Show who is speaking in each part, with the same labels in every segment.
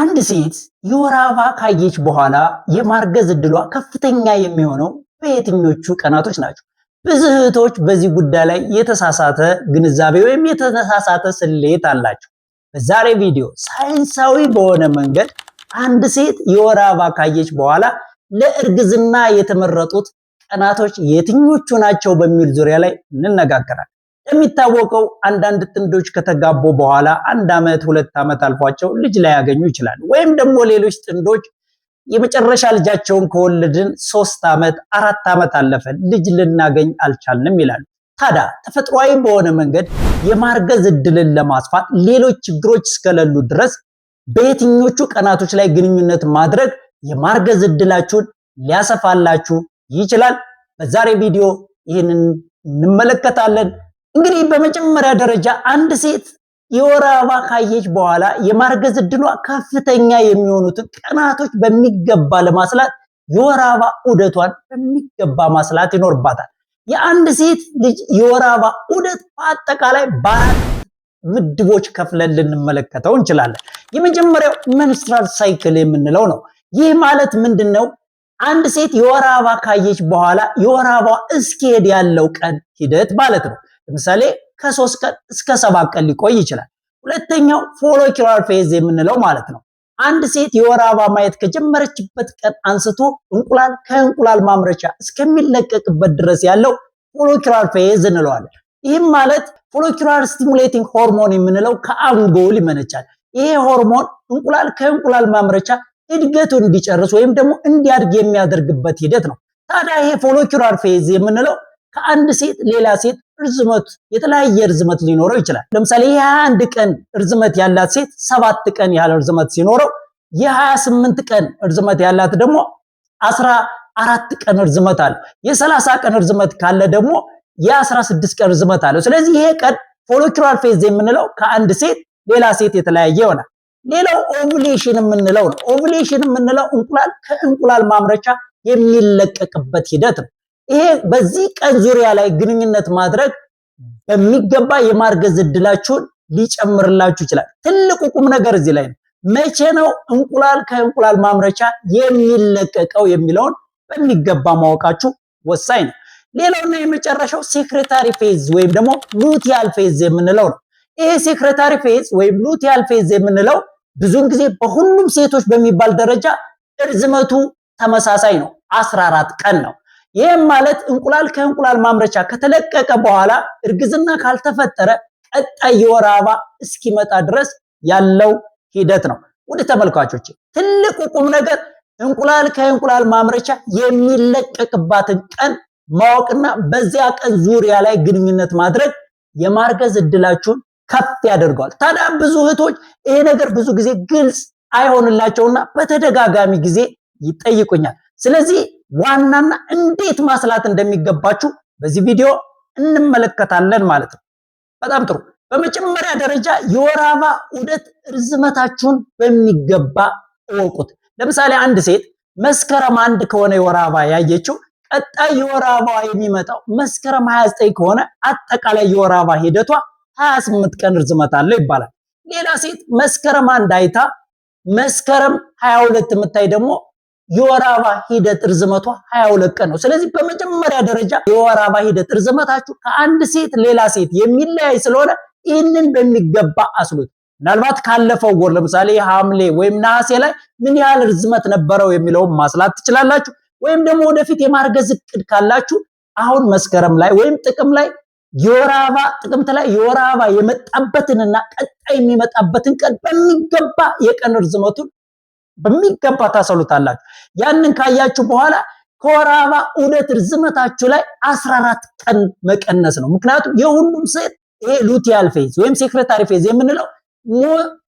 Speaker 1: አንድ ሴት የወር አበባ ካየች በኋላ የማርገዝ እድሏ ከፍተኛ የሚሆነው በየትኞቹ ቀናቶች ናቸው? ብዙ እህቶች በዚህ ጉዳይ ላይ የተሳሳተ ግንዛቤ ወይም የተሳሳተ ስሌት አላቸው። በዛሬ ቪዲዮ ሳይንሳዊ በሆነ መንገድ አንድ ሴት የወር አበባ ካየች በኋላ ለእርግዝና የተመረጡት ቀናቶች የትኞቹ ናቸው በሚል ዙሪያ ላይ እንነጋገራለን። የሚታወቀው አንዳንድ ጥንዶች ከተጋቡ በኋላ አንድ ዓመት ሁለት ዓመት አልፏቸው ልጅ ላያገኙ ይችላል። ወይም ደግሞ ሌሎች ጥንዶች የመጨረሻ ልጃቸውን ከወለድን ሶስት ዓመት አራት ዓመት አለፈን ልጅ ልናገኝ አልቻልንም ይላሉ። ታዲያ ተፈጥሯዊ በሆነ መንገድ የማርገዝ እድልን ለማስፋት ሌሎች ችግሮች እስከሌሉ ድረስ በየትኞቹ ቀናቶች ላይ ግንኙነት ማድረግ የማርገዝ እድላችሁን ሊያሰፋላችሁ ይችላል? በዛሬ ቪዲዮ ይህንን እንመለከታለን። እንግዲህ በመጀመሪያ ደረጃ አንድ ሴት የወር አበባ ካየች በኋላ የማርገዝ እድሏ ከፍተኛ የሚሆኑትን ቀናቶች በሚገባ ለማስላት የወር አበባ ዑደቷን በሚገባ ማስላት ይኖርባታል። የአንድ ሴት ልጅ የወር አበባ ዑደት በአጠቃላይ በአራት ምድቦች ከፍለን ልንመለከተው እንችላለን። የመጀመሪያው መንስትራል ሳይክል የምንለው ነው። ይህ ማለት ምንድን ነው? አንድ ሴት የወር አበባ ካየች በኋላ የወር አበባ እስኪሄድ ያለው ቀን ሂደት ማለት ነው። ለምሳሌ ከሶስት ቀን እስከ ሰባት ቀን ሊቆይ ይችላል። ሁለተኛው ፎሎኪላር ፌዝ የምንለው ማለት ነው። አንድ ሴት የወር አበባ ማየት ከጀመረችበት ቀን አንስቶ እንቁላል ከእንቁላል ማምረቻ እስከሚለቀቅበት ድረስ ያለው ፎሎኪላር ፌዝ እንለዋለን። ይህም ማለት ፎሎኪላር ስቲሙሌቲንግ ሆርሞን የምንለው ከአንጎል ይመነጫል። ይሄ ሆርሞን እንቁላል ከእንቁላል ማምረቻ እድገቱን እንዲጨርስ ወይም ደግሞ እንዲያድግ የሚያደርግበት ሂደት ነው። ታዲያ ይሄ ፎሎኪላር ፌዝ የምንለው ከአንድ ሴት ሌላ ሴት እርዝመቱ የተለያየ እርዝመት ሊኖረው ይችላል። ለምሳሌ የ21 ቀን እርዝመት ያላት ሴት ሰባት ቀን ያህል እርዝመት ሲኖረው የ28 ቀን እርዝመት ያላት ደግሞ አስራ አራት ቀን እርዝመት አለው። የሰላሳ ቀን እርዝመት ካለ ደግሞ የ16 ቀን እርዝመት አለ ስለዚህ ይሄ ቀን ፎሊኩላር ፌዝ የምንለው ከአንድ ሴት ሌላ ሴት የተለያየ ይሆናል። ሌላው ኦቭሌሽን የምንለው ነው። ኦቭሌሽን የምንለው እንቁላል ከእንቁላል ማምረቻ የሚለቀቅበት ሂደት ነው። ይሄ በዚህ ቀን ዙሪያ ላይ ግንኙነት ማድረግ በሚገባ የማርገዝ እድላችሁን ሊጨምርላችሁ ይችላል። ትልቁ ቁም ነገር እዚህ ላይ ነው። መቼ ነው እንቁላል ከእንቁላል ማምረቻ የሚለቀቀው የሚለውን በሚገባ ማወቃችሁ ወሳኝ ነው። ሌላውና የመጨረሻው ሴክሬታሪ ፌዝ ወይም ደግሞ ሉቲያል ፌዝ የምንለው ነው። ይሄ ሴክሬታሪ ፌዝ ወይም ሉቲያል ፌዝ የምንለው ብዙን ጊዜ በሁሉም ሴቶች በሚባል ደረጃ እርዝመቱ ተመሳሳይ ነው፣ 14 ቀን ነው። ይህም ማለት እንቁላል ከእንቁላል ማምረቻ ከተለቀቀ በኋላ እርግዝና ካልተፈጠረ ቀጣይ የወር አበባ እስኪመጣ ድረስ ያለው ሂደት ነው። ወደ ተመልካቾች ትልቁ ቁም ነገር እንቁላል ከእንቁላል ማምረቻ የሚለቀቅባትን ቀን ማወቅና በዚያ ቀን ዙሪያ ላይ ግንኙነት ማድረግ የማርገዝ እድላችሁን ከፍ ያደርገዋል። ታዲያ ብዙ እህቶች ይሄ ነገር ብዙ ጊዜ ግልጽ አይሆንላቸውና በተደጋጋሚ ጊዜ ይጠይቁኛል። ስለዚህ ዋናና እንዴት ማስላት እንደሚገባችሁ በዚህ ቪዲዮ እንመለከታለን ማለት ነው። በጣም ጥሩ። በመጀመሪያ ደረጃ የወር አበባ ዑደት ርዝመታችሁን በሚገባ እወቁት። ለምሳሌ አንድ ሴት መስከረም አንድ ከሆነ የወር አበባ ያየችው ቀጣይ የወር አበባ የሚመጣው መስከረም 29 ከሆነ አጠቃላይ የወር አበባ ሂደቷ 28 ቀን ርዝመት አለው ይባላል። ሌላ ሴት መስከረም አንድ አይታ መስከረም 22 የምታይ ደግሞ የወር አበባ ሂደት ርዝመቷ 22 ቀን ነው። ስለዚህ በመጀመሪያ ደረጃ የወር አበባ ሂደት ርዝመታችሁ ከአንድ ሴት ሌላ ሴት የሚለያይ ስለሆነ ይህንን በሚገባ አስሉት። ምናልባት ካለፈው ወር ለምሳሌ ሐምሌ ወይም ነሐሴ ላይ ምን ያህል ርዝመት ነበረው የሚለውን ማስላት ትችላላችሁ። ወይም ደግሞ ወደፊት የማርገዝ እቅድ ካላችሁ አሁን መስከረም ላይ ወይም ጥቅም ላይ የወር አበባ ጥቅምት ላይ የወር አበባ የመጣበትንና ቀጣይ የሚመጣበትን ቀን በሚገባ የቀን ርዝመቱን በሚገባ ታሰሉታላችሁ። ያንን ካያችሁ በኋላ ከወራባ አበባ ዑደት ርዝመታችሁ ላይ 14 ቀን መቀነስ ነው። ምክንያቱም የሁሉም ሴት ይሄ ሉቲያል ፌዝ ወይም ሴክሬታሪ ፌዝ የምንለው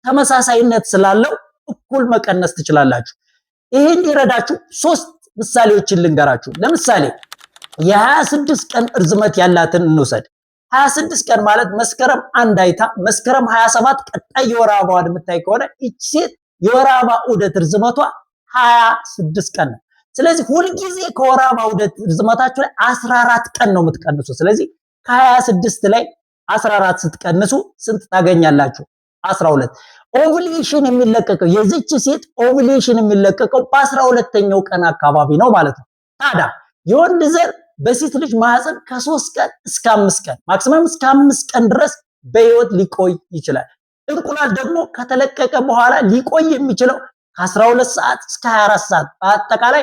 Speaker 1: ተመሳሳይነት ስላለው እኩል መቀነስ ትችላላችሁ። ይሄ እንዲረዳችሁ ሶስት ምሳሌዎችን ልንገራችሁ። ለምሳሌ የ26 ቀን እርዝመት ያላትን እንውሰድ። 26 ቀን ማለት መስከረም አንድ አይታ መስከረም 27 ቀጣይ የወር አበባዋን የምታይ ከሆነ ይቺ ሴት የወር ኡደት ዑደት ርዝመቷ 26 ቀን ነው። ስለዚህ ሁልጊዜ ከወር አበባ ዑደት ርዝመታችሁ ላይ 14 ቀን ነው የምትቀንሱ። ስለዚህ ከ26 ላይ 14 ስትቀንሱ ስንት ታገኛላችሁ? 12 ኦቭሌሽን የሚለቀቀው የዚች ሴት ኦቭሌሽን የሚለቀቀው በ12ኛው ቀን አካባቢ ነው ማለት ነው። ታዲያ የወንድ ዘር በሴት ልጅ ማህፀን ከሶስት ቀን እስከ 5 ቀን ማክሲመም እስከ አምስት ቀን ድረስ በህይወት ሊቆይ ይችላል። እንቁላል ደግሞ ከተለቀቀ በኋላ ሊቆይ የሚችለው ከ12 ሰዓት እስከ 24 ሰዓት በአጠቃላይ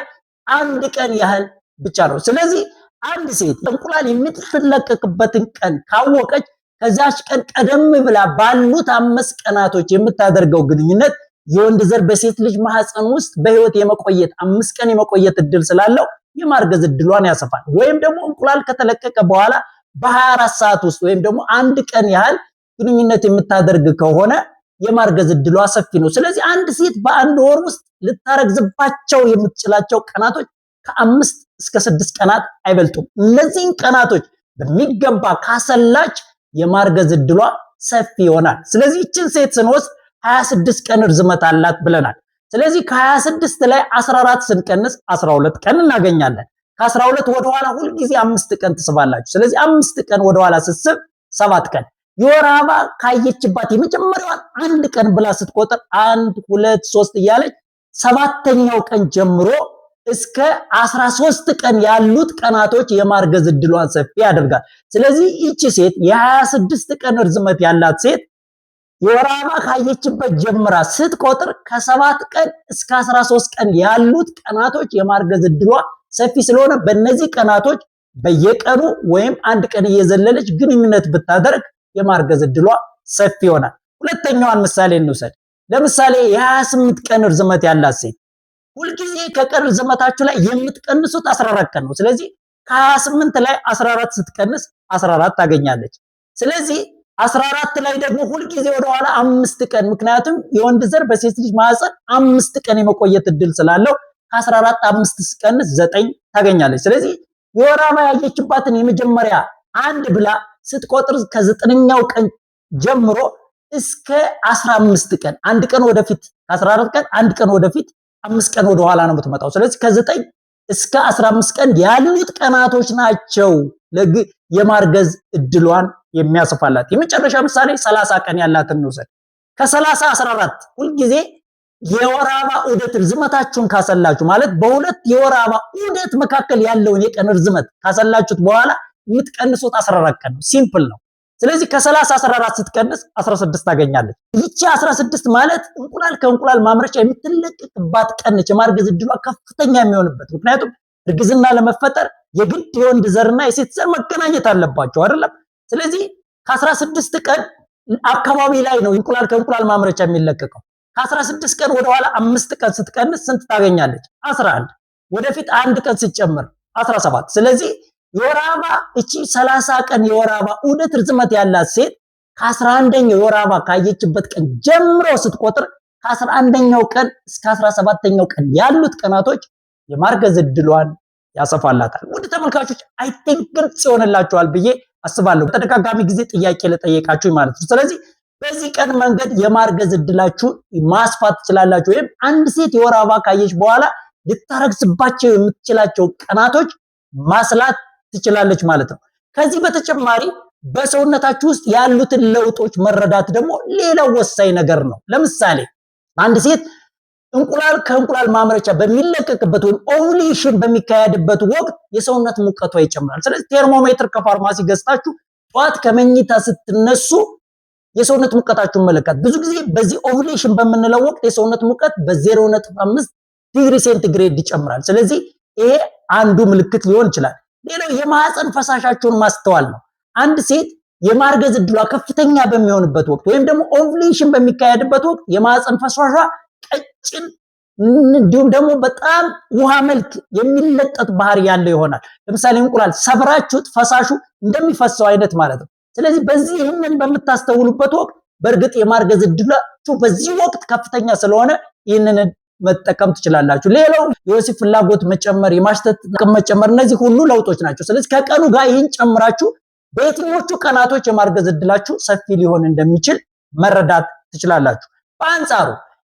Speaker 1: አንድ ቀን ያህል ብቻ ነው። ስለዚህ አንድ ሴት እንቁላል የምትለቀቅበትን ቀን ካወቀች ከዛች ቀን ቀደም ብላ ባሉት አምስት ቀናቶች የምታደርገው ግንኙነት የወንድ ዘር በሴት ልጅ ማህፀን ውስጥ በህይወት የመቆየት አምስት ቀን የመቆየት እድል ስላለው የማርገዝ እድሏን ያሰፋል። ወይም ደግሞ እንቁላል ከተለቀቀ በኋላ በ24 ሰዓት ውስጥ ወይም ደግሞ አንድ ቀን ያህል ግንኙነት የምታደርግ ከሆነ የማርገዝ እድሏ ሰፊ ነው። ስለዚህ አንድ ሴት በአንድ ወር ውስጥ ልታረግዝባቸው የምትችላቸው ቀናቶች ከአምስት እስከ ስድስት ቀናት አይበልጡም። እነዚህን ቀናቶች በሚገባ ካሰላች የማርገዝ እድሏ ሰፊ ይሆናል። ስለዚህ ይችን ሴት ስንወስድ 26 ቀን ርዝመት አላት ብለናል። ስለዚህ ከ26 ላይ 14 ስንቀንስ 12 ቀን እናገኛለን። ከ12 ወደኋላ ሁልጊዜ አምስት ቀን ትስባላችሁ። ስለዚህ አምስት ቀን ወደኋላ ስስብ ሰባት ቀን የወር አበባ ካየችባት የመጀመሪያዋን አንድ ቀን ብላ ስትቆጥር አንድ ሁለት ሶስት እያለች ሰባተኛው ቀን ጀምሮ እስከ አስራ ሶስት ቀን ያሉት ቀናቶች የማርገዝ እድሏን ሰፊ ያደርጋል። ስለዚህ ይቺ ሴት የሀያ ስድስት ቀን ርዝመት ያላት ሴት የወር አበባ ካየችበት ጀምራ ስትቆጥር ከሰባት ቀን እስከ አስራ ሶስት ቀን ያሉት ቀናቶች የማርገዝ እድሏ ሰፊ ስለሆነ በእነዚህ ቀናቶች በየቀኑ ወይም አንድ ቀን እየዘለለች ግንኙነት ብታደርግ የማርገዝ እድሏ ሰፊ ይሆናል። ሁለተኛዋን ምሳሌ እንውሰድ። ለምሳሌ የ28 ቀን ርዝመት ያላት ሴት ሁልጊዜ ከቀን ርዝመታችሁ ላይ የምትቀንሱት 14 ቀን ነው። ስለዚህ ከ28 ላይ 14 ስትቀንስ 14 ታገኛለች። ስለዚህ 14 ላይ ደግሞ ሁልጊዜ ወደኋላ አምስት ቀን ምክንያቱም የወንድ ዘር በሴት ልጅ ማህፀን አምስት ቀን የመቆየት እድል ስላለው ከ14 አምስት ስቀንስ ዘጠኝ ታገኛለች። ስለዚህ የወር አበባ ያየችባትን የመጀመሪያ አንድ ብላ ስትቆጥር ከዘጠነኛው ቀን ጀምሮ እስከ 15 ቀን አንድ ቀን ወደፊት ከ14 ቀን አንድ ቀን ወደፊት አምስት ቀን ወደኋላ ነው የምትመጣው። ስለዚህ ከዘጠኝ እስከ 15 ቀን ያሉት ቀናቶች ናቸው ለግ የማርገዝ እድሏን የሚያስፋላት። የመጨረሻ ምሳሌ 30 ቀን ያላትን እንውሰድ። ከ30 14 ሁልጊዜ የወር አበባ ዑደት ርዝመታችሁን ካሰላችሁ ማለት በሁለት የወር አበባ ዑደት መካከል ያለውን የቀን ርዝመት ካሰላችሁት በኋላ የምትቀንሱት 14 ቀን ነው። ሲምፕል ነው። ስለዚህ ከ30 14 ስትቀንስ 16 ታገኛለች። ይቺ 16 ማለት እንቁላል ከእንቁላል ማምረቻ የምትለቀቅባት ነች። የማርገዝ እድሏ ከፍተኛ የሚሆንበት ምክንያቱም እርግዝና ለመፈጠር የግድ የወንድ ዘርና የሴት ዘር መገናኘት አለባቸው አይደለም። ስለዚህ ከ16 ቀን አካባቢ ላይ ነው እንቁላል ከእንቁላል ማምረቻ የሚለቀቀው። ከ16 ቀን ወደኋላ አምስት ቀን ስትቀንስ ስንት ታገኛለች? 11 ወደፊት አንድ ቀን ስትጨምር 17 ስለዚህ የወር አበባ እቺ 30 ቀን የወር አበባ ዑደት ርዝመት ያላት ሴት ከ 11 የወር አበባ ካየችበት ቀን ጀምሮ ስትቆጥር ከ11ኛው ቀን እስከ 17ኛው ቀን ያሉት ቀናቶች የማርገዝ እድሏን ያሰፋላታል። ውድ ተመልካቾች አይ ቲንክ ግልጽ ይሆንላችኋል ብዬ አስባለሁ። በተደጋጋሚ ጊዜ ጥያቄ ለጠየቃችሁ ማለት ነው። ስለዚህ በዚህ ቀን መንገድ የማርገዝ እድላችሁ ማስፋት ትችላላችሁ። ወይም አንድ ሴት የወር አበባ ካየች በኋላ ልታረግዝባቸው የምትችላቸው ቀናቶች ማስላት ትችላለች ማለት ነው። ከዚህ በተጨማሪ በሰውነታችሁ ውስጥ ያሉትን ለውጦች መረዳት ደግሞ ሌላው ወሳኝ ነገር ነው። ለምሳሌ አንድ ሴት እንቁላል ከእንቁላል ማምረቻ በሚለቀቅበት ወይም ኦቪሊሽን በሚካሄድበት ወቅት የሰውነት ሙቀቷ ይጨምራል። ስለዚህ ቴርሞሜትር ከፋርማሲ ገዝታችሁ ጠዋት ከመኝታ ስትነሱ የሰውነት ሙቀታችሁን መለካት። ብዙ ጊዜ በዚህ ኦቭሌሽን በምንለው ወቅት የሰውነት ሙቀት በ0.5 ዲግሪ ሴንቲግሬድ ይጨምራል። ስለዚህ ይሄ አንዱ ምልክት ሊሆን ይችላል። ሌላው የማህፀን ፈሳሻቸውን ማስተዋል ነው። አንድ ሴት የማርገዝ እድሏ ከፍተኛ በሚሆንበት ወቅት ወይም ደግሞ ኦቭሌሽን በሚካሄድበት ወቅት የማህፀን ፈሳሿ ቀጭን እንዲሁም ደግሞ በጣም ውሃ መልክ የሚለጠጥ ባህሪ ያለው ይሆናል። ለምሳሌ እንቁላል ሰብራችሁት ፈሳሹ እንደሚፈሰው አይነት ማለት ነው። ስለዚህ በዚህ ይህንን በምታስተውሉበት ወቅት በእርግጥ የማርገዝ እድላችሁ በዚህ ወቅት ከፍተኛ ስለሆነ ይህንን መጠቀም ትችላላችሁ። ሌላው የወሲብ ፍላጎት መጨመር፣ የማሽተት አቅም መጨመር፣ እነዚህ ሁሉ ለውጦች ናቸው። ስለዚህ ከቀኑ ጋር ይህን ጨምራችሁ በየትኞቹ ቀናቶች የማርገዝ እድላችሁ ሰፊ ሊሆን እንደሚችል መረዳት ትችላላችሁ። በአንጻሩ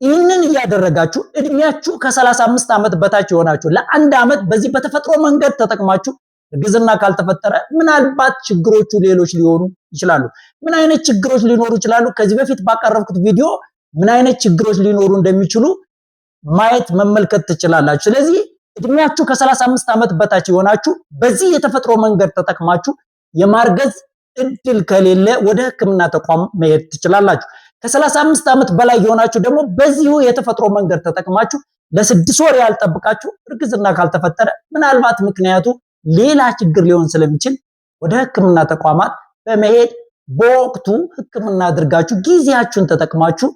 Speaker 1: ይህንን እያደረጋችሁ እድሜያችሁ ከ35 ዓመት በታች የሆናችሁ ለአንድ ዓመት በዚህ በተፈጥሮ መንገድ ተጠቅማችሁ እርግዝና ካልተፈጠረ ምናልባት ችግሮቹ ሌሎች ሊሆኑ ይችላሉ። ምን አይነት ችግሮች ሊኖሩ ይችላሉ? ከዚህ በፊት ባቀረብኩት ቪዲዮ ምን አይነት ችግሮች ሊኖሩ እንደሚችሉ ማየት መመልከት ትችላላችሁ። ስለዚህ እድሜያችሁ ከ35 ዓመት በታች የሆናችሁ በዚህ የተፈጥሮ መንገድ ተጠቅማችሁ የማርገዝ እድል ከሌለ ወደ ሕክምና ተቋም መሄድ ትችላላችሁ። ከ35 ዓመት በላይ የሆናችሁ ደግሞ በዚሁ የተፈጥሮ መንገድ ተጠቅማችሁ ለስድስት ወር ያልጠብቃችሁ እርግዝና ካልተፈጠረ ምናልባት ምክንያቱ ሌላ ችግር ሊሆን ስለሚችል ወደ ሕክምና ተቋማት በመሄድ በወቅቱ ሕክምና አድርጋችሁ ጊዜያችሁን ተጠቅማችሁ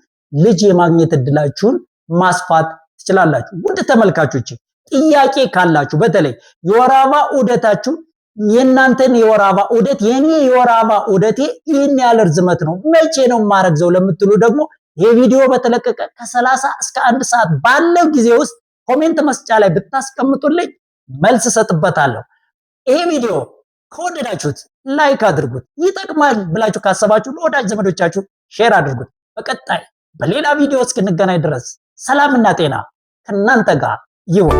Speaker 1: ልጅ የማግኘት እድላችሁን ማስፋት ትችላላችሁ። ውድ ተመልካቾች ጥያቄ ካላችሁ በተለይ የወር አበባ ዑደታችሁ የእናንተን የወር አበባ ዑደት የኔ የወር አበባ ዑደቴ ይህን ያህል ርዝመት ነው፣ መቼ ነው የማረግዘው ለምትሉ ደግሞ ይህ ቪዲዮ በተለቀቀ ከሰላሳ እስከ አንድ ሰዓት ባለው ጊዜ ውስጥ ኮሜንት መስጫ ላይ ብታስቀምጡልኝ መልስ እሰጥበታለሁ። ይህ ቪዲዮ ከወደዳችሁት ላይክ አድርጉት፣ ይጠቅማል ብላችሁ ካሰባችሁ ለወዳጅ ዘመዶቻችሁ ሼር አድርጉት። በቀጣይ በሌላ ቪዲዮ እስክንገናኝ ድረስ ሰላምና ጤና ከእናንተ ጋር ይሁን።